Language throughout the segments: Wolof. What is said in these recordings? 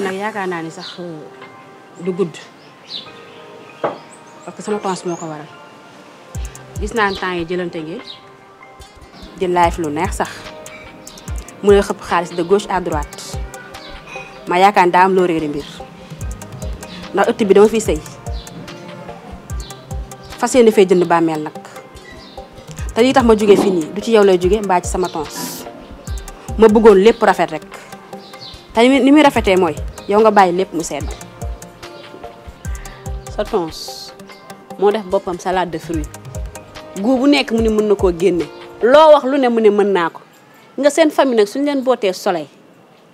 ci nak yaakaar naa ni sax uh, du gudd parce que sama pense moko ko waral gis naa tan yi jëlante ngeen di life lu neex sax mu ne xëpp xaalis de gauche à droite ma yaakaar daa am lo reere mbir ndax ëtt bi dama fi sey fasiyene fay fee jënd bàmmeel nak te lii tax ma juggé fini du ci yow lay juggé mba ci sama tons ma bëggoon lépp rafet rek te ni muy rafetee mooy yow nga bàyyi lépp mu sedd sa tons moo def boppam salade de fruits guu bu nekk mu ne mën na koo génne loo wax lu ne mu ne mën naa ko nga seen famille nag suñu leen bootee soleil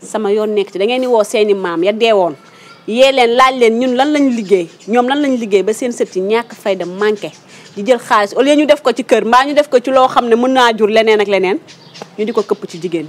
sama yoon nekk ci da ngeen di woo seeni maam ya deewoon yee leen laaj leen ñun lan lañ liggéey ñoom lan lañ liggéey ba seen sët yi ñàkk fayda manqué di jël xaalis au ñu def ko ci kër mbaa ñu def ko ci loo xam ne mën naa jur leneen ak leneen ñu di ko këpp ci jigéen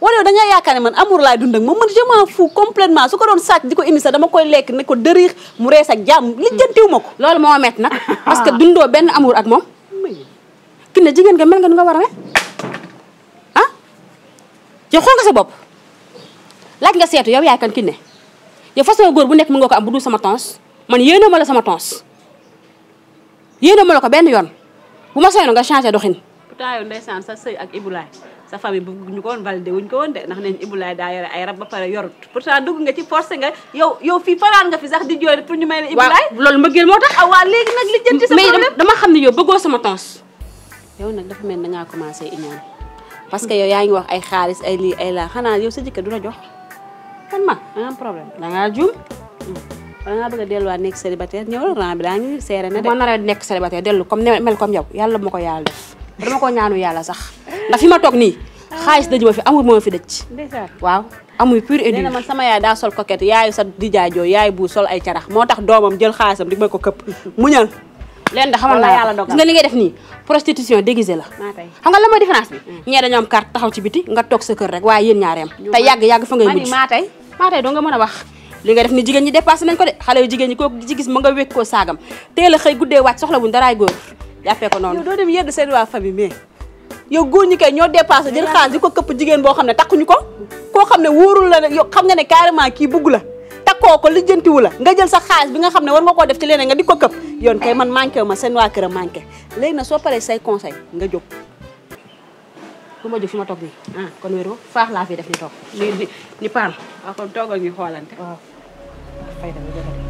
wala yow da yaakaar ne man amour laay dund ak moom man je m'en fous complètement su ko doon sàcc di ko indi sax dama koy lekk ne ko dëriix mu rees ak jàmm lijjantiw ma ko loolu moo met nag parce que dundoo benn amour ak moom ki ne jigéen nga mel nga nu nga war a mel ah yow xool nga sa bopp laaj nga seetu yow yaay kan ne yow façon góor bu nekk mu nga ko am bu dul sama tons man yéena ma la sama tons yéena ma la ko benn yoon bu ma soyno nga changé doxin pourtant yow ndeysaan ak Ibou Laye sa famille bu ñu ko woon validé wuñ ko woon de ndax neen Ibulaay daa yore ay rab ba pare yorut pourtant dugg nga ci forcé nga yow yow fii fanaan nga fi sax di jooy pour ñu may ne ah, dama xam ne yow bëggoo sama tons yow nag dafa mel dangaa commencé iñaan parce que yow yaa ngi wax ay xaalis ay lii ay laa xanaa yow sa jëkkër du la jox man ma danga am problème dangaa juum wala ngaa bëgg a delluwaat nekk célibataire ñëw rang bi na de nekk célibataire dellu comme mel comme yow yàlla ma ko yàlla def dama ko ñaanu yàlla sax ndax fi ma toog nii xaalis dëj ma fi amul moo fi dëj waaw amul pur et dur sama yaay daa sol coquette yaayu sa dijaajoo yaay bu sol ay carax moo tax doomam jël xaalisam di ma ko këpp muñal leen da xamal naa yàlla dogal nga li ngay def nii prostitution déguisée la xam nga la mooy différence bi mm. ñee dañoo am carte taxaw ci biti nga toog sa kër rek waaye yéen ñaareem te yàgg yàgg fa ngay mujj maa tey maa nga mën wax li nga def ni jigéen ñi dépassé nañ ko de xale yu jigéen ñi kooku di ci gis ma nga wékk koo saagam teel a xëy soxla buñ daraay góor jàppee ko noonu. yow doo dem yedd seen waa famille mais yow góor ñi kay ñoo dépassé jël xaalis di ko këpp jigéen boo xam ne takkuñu ko. koo xam ne wóorul la ne yow xam nga ne carrément kii bëgg la takkoo ko lijjantiwu la nga jël sa xaalis bi nga xam ne war nga koo def ci leneen nga di ko këpp yoon kay man manqué ma seen waa a manqué léegi nag soo paree say conseil nga jóg. lu ma jóg fi ma toog ah, kon faax laa fi def ni toog. ni ni ni Paa. Ah, kon toogal ñu xoolante. waaw ah,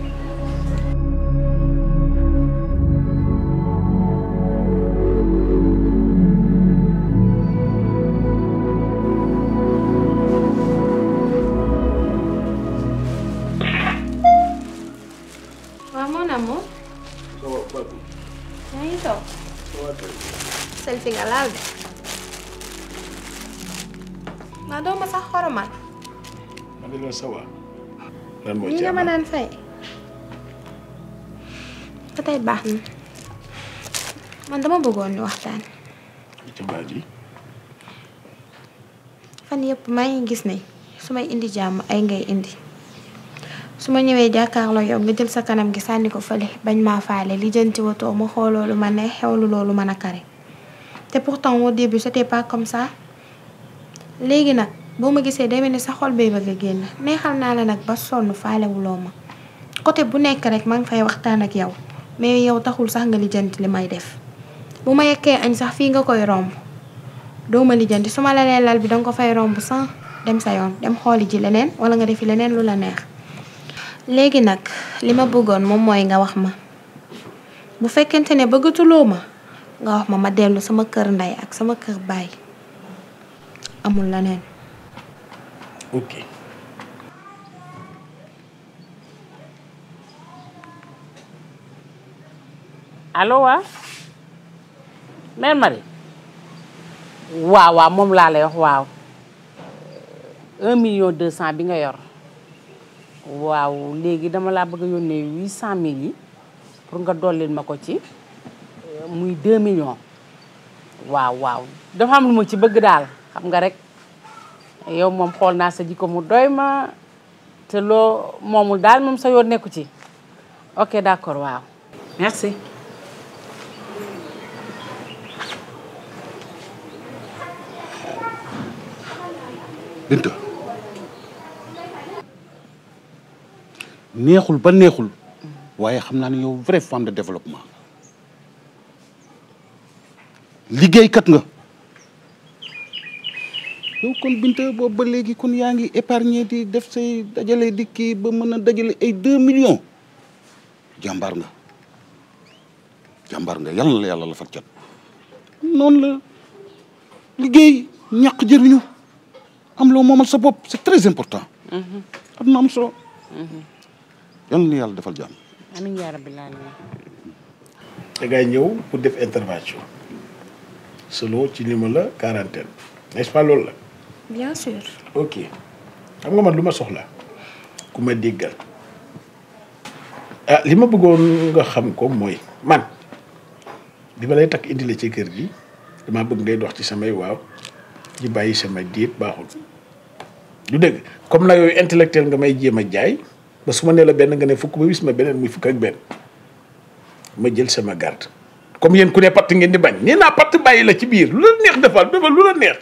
dancing aloud. نادو مسخر من نعملوا سوا للمجتمع ما ننفع فتاي باحن ما انت ما بقول واحد ثاني تبادي fan yépp maa ngi gis ne su may indi jàmm ay eh, ngay indi Suma ma ñëwee jàkkaarloo yow nga sa kanam gi sànni ko fële bañ li lu xewlu kare te pourtant au début c'était pas comme ça léegi nag boo ma gisee day mel ni sa xol bay bëgg a génn neexal naa la nag ba sonn faalewuloo ma côté bu nekk rek maa ngi fay waxtaan ak yow mais yow taxul sax nga lijjanti li may def bu ma yekkee añ sax fii nga koy romb doo ma lijjanti su ma lalee lal bi danga ko fay romb sans dem sa yoon dem xooli ji leneen wala nga defi leneen lu la neex léegi nag li ma bëggoon moom mooy nga wax ma bu fekkente ne bëggatuloo ma nga wax ma ma dellu sama kër ndey ak sama kër baay amul leneen. ok. allo waa mère waaw waaw moom laa lay wax waaw un million deux cent bi nga yor waaw léegi dama laa bëgg a yónnee huit cent mille yi pour nga dollil ma ko ci. muy 2 million waaw waaw dafa am lu ma ci bëgg daal xam nga rek yow moom xool naa sa jikko mu doy ma te loo moomul daal moom sa yoon nekku ci ok d'accord waaw merci Binta neexul ba neexul mm. waaye xam naa ne yow vraie femme de développement liggéeykat nga yow kon Binta boobu ba léegi kon yaa ngi épargner di def say dajale di ba mën a dajale ay deux millions jàmbaar nga jàmbaar nga yal na la yàlla la fat cat noonu la liggéey ñàq jëriñu am loo moomal sa bopp c'est très important mhm. am na am solo mhm. yal na yàlla defal jàmm amiin yaa rabbil ñëw pour def intervention selon ci que la quarantaine n'est-ce pas l'ol la. bien sûr. ok xam nga man que je soxla ku ma déggal ah li que je nga xam ko Moi.. man bi lay takk indi la ci kër gi damaa bëgg dox ci samay waaw di sama diit du comme nag que intellectuel nga may je jaay ba nga ne sais ba wis ma beneen muy fukk ak benn ma garde. comme yeen ku ne pat ngeen di bañ ni na pat baye la ci biir lu neex defal defal lu la neex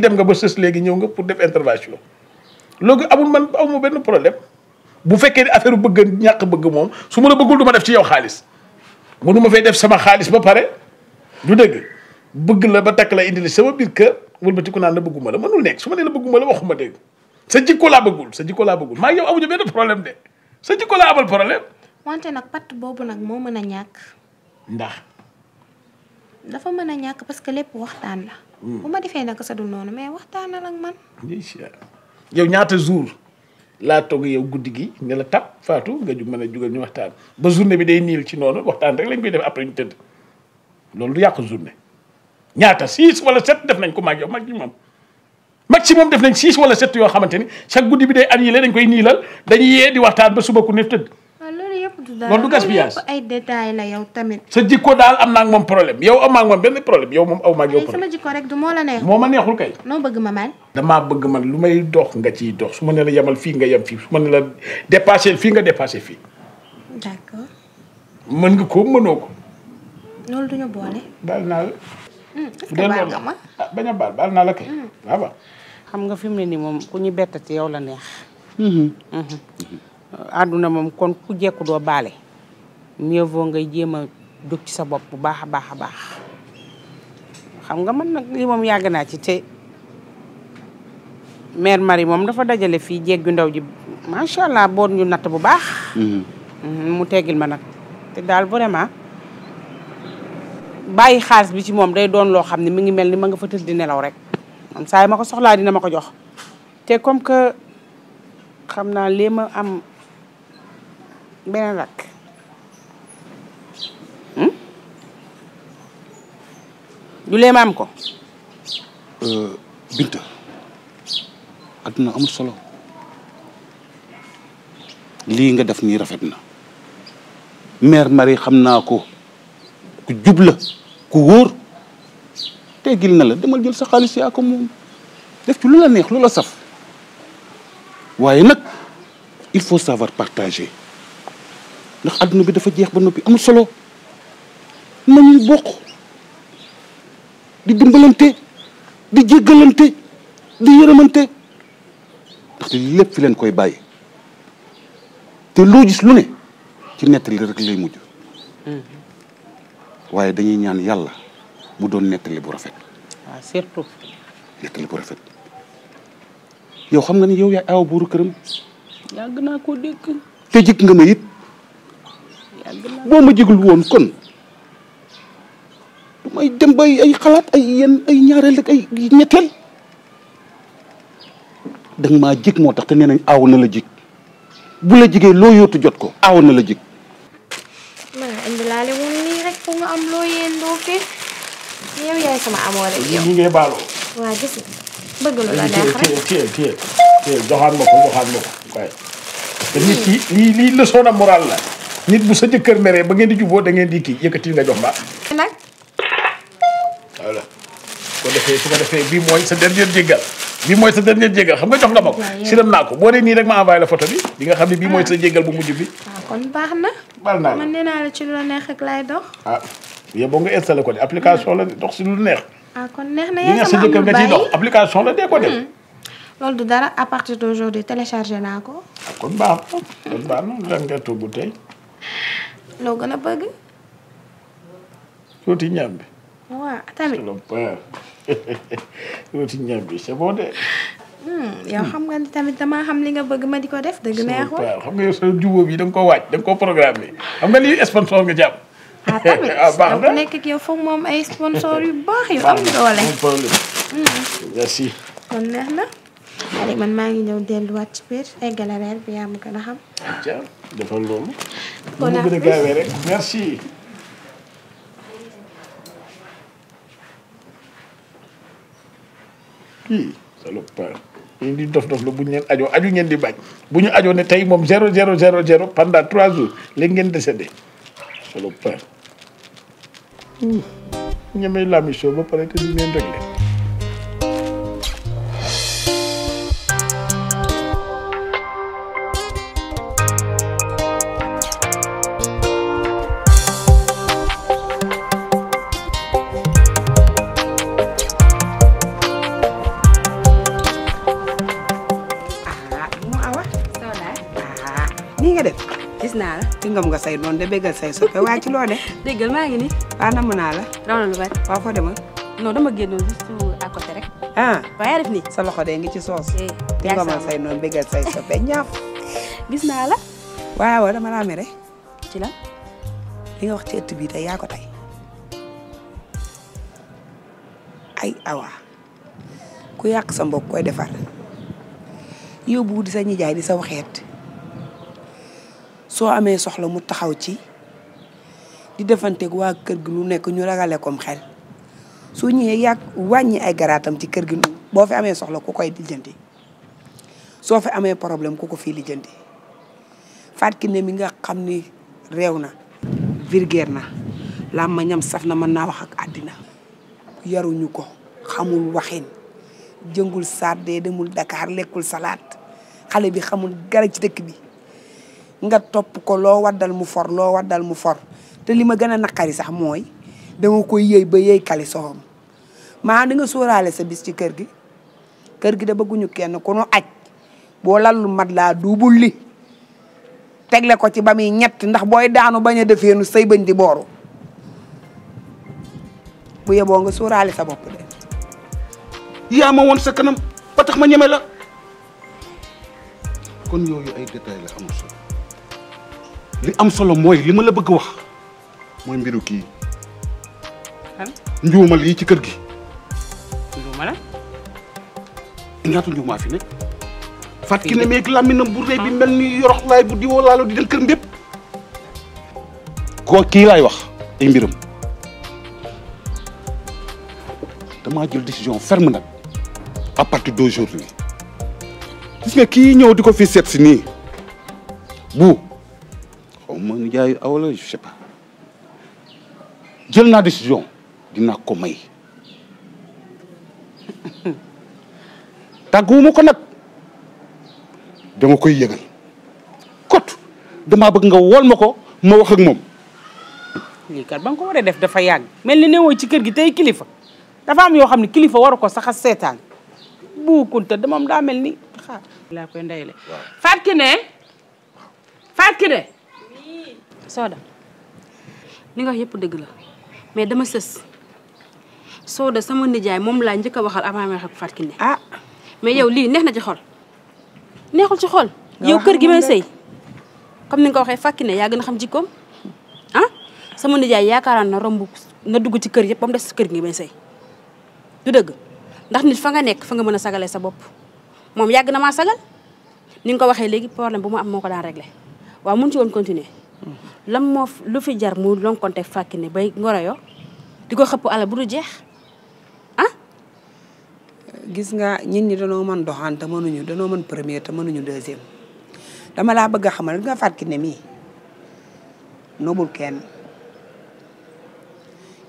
dem nga ba seuss légui ñew nga pour def intervention logu amul man amu ben problème bu fekke ni affaire bëgg ñak bëgg mom su ma la bëggul duma def ci yow xaliss mënuma fay def sama xaaliss ba paré du deug bëgg la ba tak la indi sama bir kër wulbati ku naan la bëgguma la mënul neex su ma ne la bëgguma la waxuma deug sa jikko la bëggul sa jikko la bëggul ma yow amu ben problème de sa jikko la amal problème wante nak pat bobu nak mo mëna ñak ndax dafa mën a ñàkk parce que lépp waxtaan la. Hmm. bu ma defee naka sa dul noonu mais waxtaanal ak man. incha yow ñaata jours laa togg yow guddi gi ne a tap Fatou nga ju mën a jugal ñu waxtaan ba journée bi day niil ci noonu waxtaan rek lañ koy def après ñu tëdd loolu du yàq journée. ñaata six wala sept def nañ ko maag yow maximum maximum def nañ six wala sept yoo xamante ni chaque guddi bi day annulé dañ koy niilal dañuy yee di waxtaan ba suba ku ne tëdd. loolu du gaspillage ay détails la yow tamit. sa jikko dal am naa ak mom problème yow am oh, ak mom benn problème yow mom oh, aw ma ak yow. problème sama jikko rek du mo la neex. moma neexul kay. no bëgg ma man. dama bëgg man lu may dox nga ci dox suma ne la yamal fi nga yam fi suma ne la dépasser fi nga dépasser fi d'accord. man nga ko mënoko ko. duñu bolé dal na baal naa la. est-ce que baal nga ma ah bañ a baal la kay. waaw hmm. waaw. xam nga fimni ni mom ku ñu bettati yow la neex. hmm mhm. hmm àdduna moom kon ku jekku doo baale mieux vaut ngay jéem a jóg ci sa bopp bu baax a baax a baax xam nga man nag lii moom yàgg naa ci te mère Marie moom dafa dajale fii jeeg ju ndaw ji macha allah boor ñu natt bu baax. Mhm. Mhm, mu tegil ma nag te daal vraiment bayi xaalis bi ci moom day doon loo xam ne mi ngi mel ni ma nga fa tëdd di nelaw rek man saa yi ma ko soxlaa dina ma ko jox te comme que xam naa lii am. beneen rakk hmm? du lee ma am ko euh, Binta adduna amul solo lii nga def nii rafet na mère Marie xam naa ko ku jub ku wóor teggil na la demal jël sa xaalis yaa ko moom def ci lu la neex lu la saf waaye nag il faut savoir partager ndax aduna bi dafa jeex ba nopi amul solo nañuy bokk di dimbalante di jéggalante di yërëmante ndax lépp fi leen koy bàyyi te loo gis lu ne ci nettali rek lay mujj mm-hmm. waaye dañuy ñaan yàlla mu doon nettali bu rafet surtout nettali bu rafet yow xam nga ni yow yaay aaw buuru këram yàgg naa ko dégg te nga ma it boo ma jégul woon kon du may ay xalaat ay yenn ay ñaareel ak ay ñetteel da ma maa moo tax te nee nañ aaw na la jig bu la jigee loo yóotu jot ko aaw na la jig am loo yendoo fee yow yaay sama amoo rek lii lii leçon de morale la nit bu sa jëkkër meree ba ngeen di juboo da ngeen di kii yëkkati nga jox ma nag ko defee bii mooy sa dernier jéggal bii mooy sa dernier jéggal xam nga jox nga ma si silam naa ko boo dee nii rek ma envoyé la photo bi di nga xam ne bii mooy ah. sa jéggal bu mujj bi ah, kon baax na bal naa man naa la ci lu ah, nga installé ko de application la dox si lu neex ah kon neex na yaa sa jëkkër nga ciy dox application la dee ko def hmm. loolu dara à partir d'aujourd'hui téléchargé naa ko kon baax na kon baax na loo gën a bëgg. rooti ñàmbi. waaw tamit c'est le ñàmbi c'est de. Hmm, yow xam nga ni tamit damaa xam li nga bëgg ma di ko def dëgg neexul. xam nga yow sa jubóo bi da ko koo waaj da nga koo programme bi xam nga lii sponsor nga jàpp. ah tamit ah, nekk ak yow moom ay sponsor yu baax yu hmm. kon neex na. man maa ngi ñëw delluwaat ci biir ay galère bi yaa ma gën a xam. defal loolu. on a gën a gaawee rek merci. kii salopard yi di dof dof la bu ñu leen ajoo aju ngeen di bañ bu ñu ajoo ne tey moom zéro zéro zéro zéro pendant trois jours léegi ngeen décédé salopard ñemey la mission ba pare te ñu leen réglé ngam nga say noonu de béggal say soppe waaye ci loo de. déggal maa ngi nii. waaw namm naa la. raw na lu bari. dama génnoon juste à côté rek. ah sa loxo de ngi ci soos. Eh, yaa ngi sama say noonu béggal say soppe wax ci ëtt bii tey ay awa ku yàq sa mbokk koy defar di sa ñijaay di sa waxeet. soo amee soxla mu taxaw ci di defanteeg waa kër gi lu nekk ñu ragale koom xel su ñëwee yàgg wàññi ay garaatam ci kër gi boo fi amee soxla ku koy lijjanti soo fi amee problème ku ko fii lijjanti Fatou Kiné mi nga xam ni réew na virgère na la ma ñam saf na mën naa wax ak àddina yaruñu ko xamul waxin jëngul saat demul Dakar lekkul salaat xale bi xamul gara ci dëkk bi nga topp ko loo waddal mu for loo waddal mu for te li ma gën a naqari sax mooy danga koy yëy ba yëy kali soxam maa di nga sóoraale sa bis ci kër gi kër gi da bëgguñu kenn ku nu aj boo lal lu mat laa duubul li tegle ko ci ba muy ñett ndax booy daanu bañ a defeenu say bañ di booru bu yeboo nga sóoraale sa bopp de yaa ma woon sa kanam ba tax ma ñeme la li am solo moy li ma la bëgg wax moy mbiru ki kan njuuma lii ci kër gi. ñuuma la. ñatu ñuuma fi nekk. fat ki ne meek lamina bu reey bi melni yorox lay bu diwoo laalu di dem kër mbépp. ko ki lay wax ay mbirum dama jël décision ferme nak à partir d'aujourd'hui gis nga ki ñëw diko fi sét si bu. bon ma nijaayu aw je sais jël naa décision dinaa ko may tàgguwuma ko nag dama koy yëgal kot damaa bëgg nga wol ma ko ma wax moom lii kat ba nga ko waree def dafa yàgg mel ni newoo ci kër gi tey kilifa dafa am yoo xam ne kilifa waru ko sax a seetaan bu kunta damam daa mel ni xaar laa koy ndey le Fatou soda ni nga wax yëpp dëgg la mais dama sës soda sama nijaay moom laa njëkk a waxal avant may xak ak ne ah mais yow lii neex na ci xol neexul ci xol yow kër gi may sëy comme ni nga ko waxee Fatou Kiné yaa gën a xam jikkoom ah sama nijaay yaakaaraan na romb na dugg ci kër yëpp ba mu des ci kër gi may sëy du dëgg ndax nit fa nga nekk fa nga mën a sagalee sa bopp moom yàgg na maa sagal ni nga ko waxee léegi problème bu mu am moo ko daan réglé waaw mun ci woon continuer lam mo lu fi jar mu lonkonte fàkki ne bay ngora yo di ko ala bu du jeex ah gis nga ñin ñi dañu mën doxaan mënu ñu dañu mën premier te ñu deuxième dama la bëgg xamal nga fàkki mi nobul kenn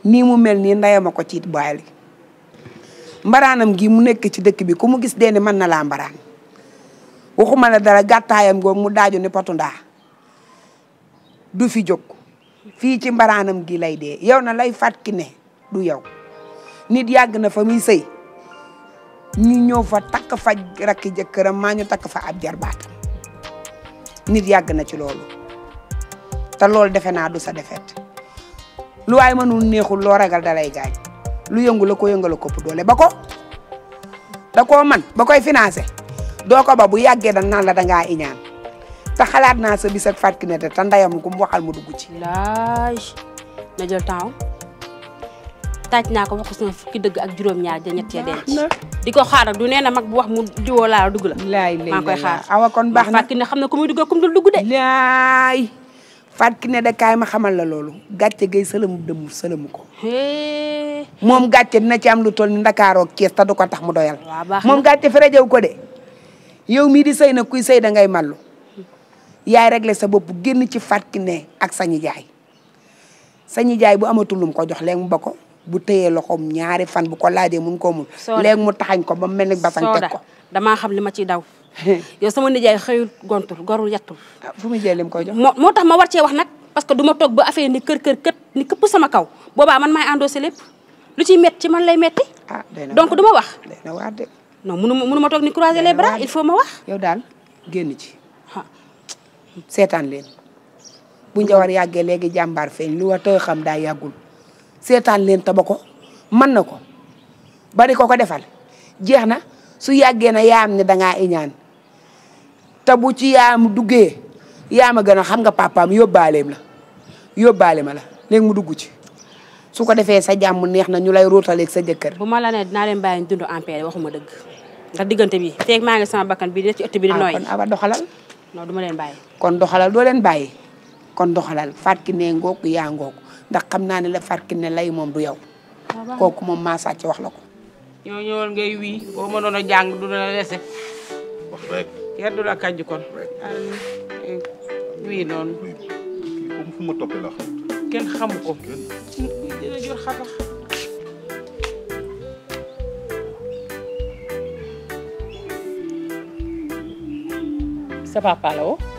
ni mu mel ni ndayama ko ci baali mbaranam gi mu nekk ci dëkk bi ku mu gis deeni man na la mbaran waxuma la dara gàttaayam mu daaju ni patunda du fi jóg fii ci mbaraanam gi lay dee yow na lay fat ki ne du yow nit yàgg na fa muy ñu ñëw fa takk fa rakki jëkkëram maa ñu takk fa ab jarbaatam nit na ci loolu du sa defet lu waay mënul neexul loo ragal dalay lu yëngu la ko yëngal kopp doole bako, bako da koo man bako koy financé doo ko ba bu yàggee da la iñaan ta xalat na sa bis ak Fatou Kiné ta ndayam ku mu waxal mu dugg ci. laaj na jël taw taaj na ko waxu sama fukki deug ak juroom ñaar de ñetté ya denc. di ko du neena mak bu wax mu juwo la dugg la. lay lay maa koy xaar awa kon bax na Fatou Kiné xam na ku muy dugg ak ku dul dugg de. lay Fatou da kay ma xamal la lolu gatché gey selam dem selam ko. mom gatché na ci am lu toll ni dakaro kess ta du ko tax mu doyal. mom gatché fere jew ko de yow mi di sey na kuy sey da ngay malu yaay réglé sa bopp génn ci fàtki ne ak sa nijaay sa nijaay bu amatul lum ko jox léegi mu ba ko bu téyee loxoom ñaari fan bu ko laajee mun koo mun léegi mu taxañ ko ba mu mel ni basan teg ko damaa xam li ma ciy daw sama nijaay xëyul gontul gorul yettul ah, fu mu jël lim koy jox moo moo tax ma war cee wax nag parce que du ma toog ba ni kër kër kët ni këpp kaw boobaa man maay endossé lépp lu ciy métti ci man lay métti ah, donc du wax non munu ma ma toog ni croiser les bras il faut ma wax yow daal génn ci seetaan leen bu njawar yàggee léegi jàmbaar feeñ lu wa xam daa yàggul seetaan leen taba ko mën na ko bari ko ko defal jeex na su yàggee na yaam ne dangaa ñaan te bu ci yaam duggee yaam a gën a xam nga papaam yóbbaaleem la yóbbaale ma la léegi mu dugg ci su ko defee sa jàmm neex na ñu lay rootaleeg sa jëkkër bu ma la ne dinaa leen bàyyi dund en paix waxuma dëgg ndax diggante bi feeg maa ngi sama bakkan bi de ci ëtt bi di ah, nooy kon aba doxalal non du ma leen bàyyi kon doxalal do len baye kon doxalal Fatou ngok ya ngok ndax xamna ne la Fatou lay mom du yow. kokku mom ma sa ci wax la ko. ñoo ñewal ngay wii boo mënoon a jàng du la lesse wax rek. kenn du la kanj kon. wi eh, non ko fu ma topé la xam. ken xam ko. dina jor xatax. sa papa la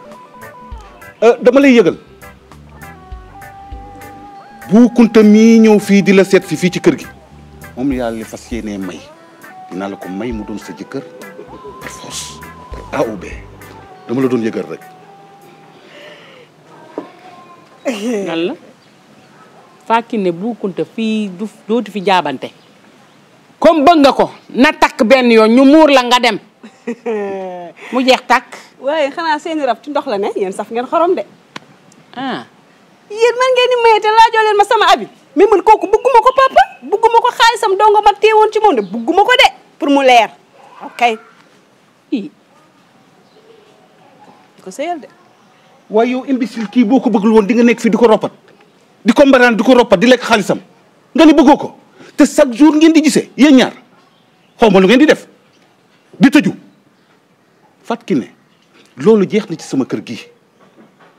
Euh, dama lay yëgal bu kunta mii ñëw fii di la seet si fii ci kër gi moom yàlla li fas yéenee may dinaa la ko may mu doon sa jëkkër par force A ou B dama la doon yëgal rek. yàlla fàkki ne bu kunta fii du dootu fi jaabante. comme bëgg nga ko na takk benn yoon ñu muur la nga dem. mu jeex Wah, way xana seen rap ci ndox la ne yeen saf ngeen xorom de. ah. yeen man ngeen ni mayete la laajoo ma sama abi mi man koku bugguma papa bugguma ko xaalisam dongo ma teewoon ci monde deh. bugguma ko de pour mu leer ok. ii ko seyal de. waaye yow imbécile kii boo bëggul di nga nek fi di ropat di ko mbaraan di lek di xaalisam nga ni te chaque jour ngeen di gisee yeen ñaar xaw ngeen di def di Fatou Kiné loolu jeex na ci sama kër gi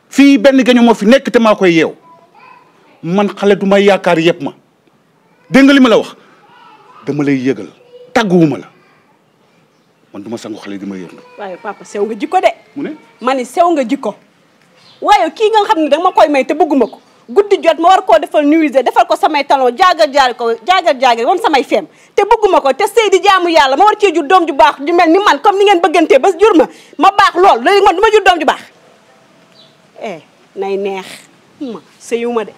fii benn gañu moo fi nekk te maa koy yeew man xale du may yaakaar yëpp ma dégg li ma la wax dama lay yëgal tàgguwuma la man du ma sangu xale di ma yërndu waaye papa sew nga jikko de mu ne sew nga jikko waaye kii nga xam ne danga koy may te bëgguma ko guddi jot ma war koo defal nuisé defal ko samay talon jaagal jaagal ko jaagal jaagal woon samay feem te bëgguma ko te sëy di jaamu yàlla ma war cee jur doom ju baax ju mel ni man comme ni ngeen bëggantee ba jur ma ma baax lool léegi ma jur doom ju baax eh nay neex ma sëyuma de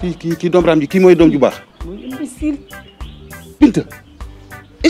kii kii kii doom raam ji kii mooy doom ju baax imbécile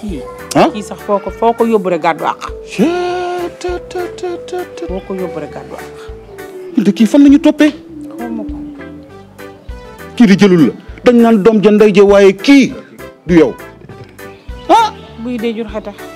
kii. sax foo ko foo ko yóbbu rek gàddu àq. foo ko yóbbu rek gàddu kii fan la ñu toppee. kii di jëlul la dañ naan doom ja ndey ja waaye kii du yow ah. buy dee jur